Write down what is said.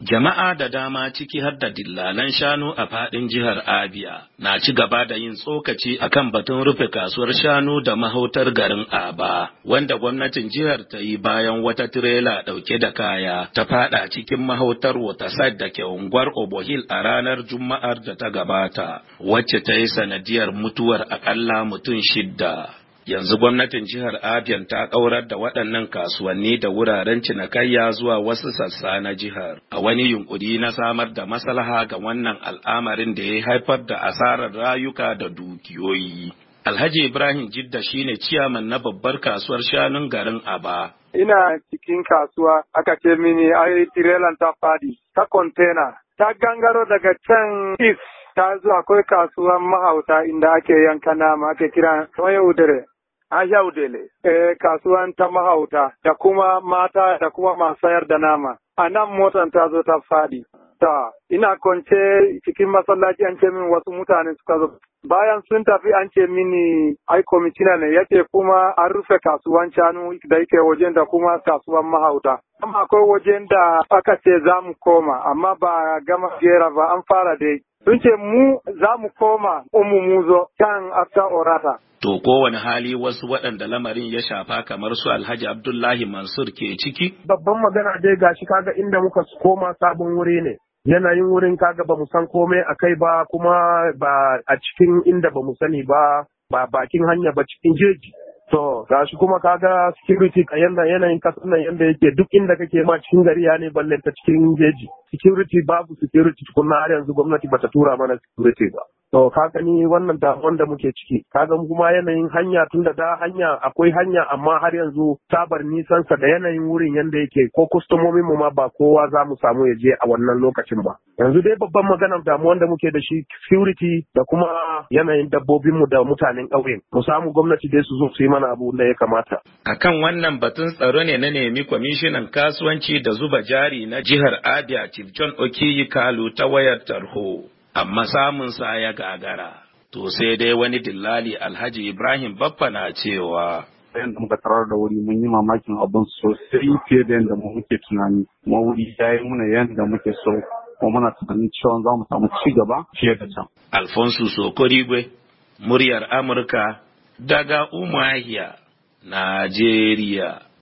Jama'a da dama ciki har da dillalan shanu a faɗin jihar Abia na ci gaba da yin tsokaci a kan batun rufe kasuwar shanu da mahautar garin Aba, wanda gwamnatin jihar ta yi bayan wata tirela ɗauke da kaya ta faɗa cikin mahautar sad da ke unguwar Obohil a ranar Juma'ar da ta gabata, wacce ta yi sanadiyar mutuwar aƙalla mutum shidda. yanzu gwamnatin jihar Abiyan ta kaurar da waɗannan kasuwanni da wuraren cinikayya zuwa wasu sassa na jihar a wani yunkuri na samar da maslaha ga wannan al'amarin da ya haifar da asarar rayuka da dukiyoyi Alhaji Ibrahim Jidda shine ciyaman na babbar kasuwar shanun garin Aba. Ina cikin kasuwa aka ce mini ai tirelan ta fadi ta kontena ta gangaro daga can east ta akwai kasuwan mahauta inda ake yanka nama ake kira Toya Udere. Aja ah, Udele. Eh, kasuwan ta mahauta da kuma mata da kuma masu sayar da nama. A nan motan ta zo ta faɗi. Ta, ina kwance cikin masallaci an ce min wasu mutane suka zo. Bayan sun tafi an ce mini ai komishina ne yake kuma an rufe kasuwan canu da yake wajen da kuma kasuwan mahauta. amma akwai wajen da aka ce za mu koma amma ba gama gera ba an fara dai sun ce mu za mu koma umu zo kan afta orata. To kowane hali wasu waɗanda lamarin ya shafa kamar su Alhaji Abdullahi Mansur ke ciki? Babban magana dai gashi kaga inda muka koma sabon wuri ne. Yanayin wurin kaga ba san komai a kai ba kuma ba a cikin inda ba sani ba ba bakin hanya ba cikin jeji. To, shi kuma ka ga security a yanda yanayin kasar nan yanda yake duk inda kake ma cikin gari ya ne balle ta cikin jeji. Security babu security tukunna har yanzu gwamnati bata tura mana security ba. to ka gani wannan damuwan da muke ciki ka ga kuma yanayin hanya tun da hanya akwai hanya amma har yanzu sabar nisansa da yanayin wurin yanda yake ko kustomomin mu ma ba kowa za mu samu ya je a wannan lokacin ba yanzu dai babban maganar damuwan da muke da shi security da kuma yanayin dabbobin mu da mutanen ƙauyen mu samu gwamnati dai su zo su yi mana abu da ya kamata akan wannan batun tsaro ne na nemi kwamishinan kasuwanci da zuba jari na jihar Abia Chibchon Okiyi Kalu ta wayar tarho amma samun sa ya gagara. To sai dai wani dillali Alhaji Ibrahim Baffa na cewa. da muka tarar da wuri mun yi mamakin abin sosai fiye da yadda muke tunani, kuma wuri ya yi muna yadda muke so, kuma muna tunanin cewa za mu samu ci gaba fiye da can. Alfonso Sokorigwe, muryar Amurka, daga Umahiya, Najeriya.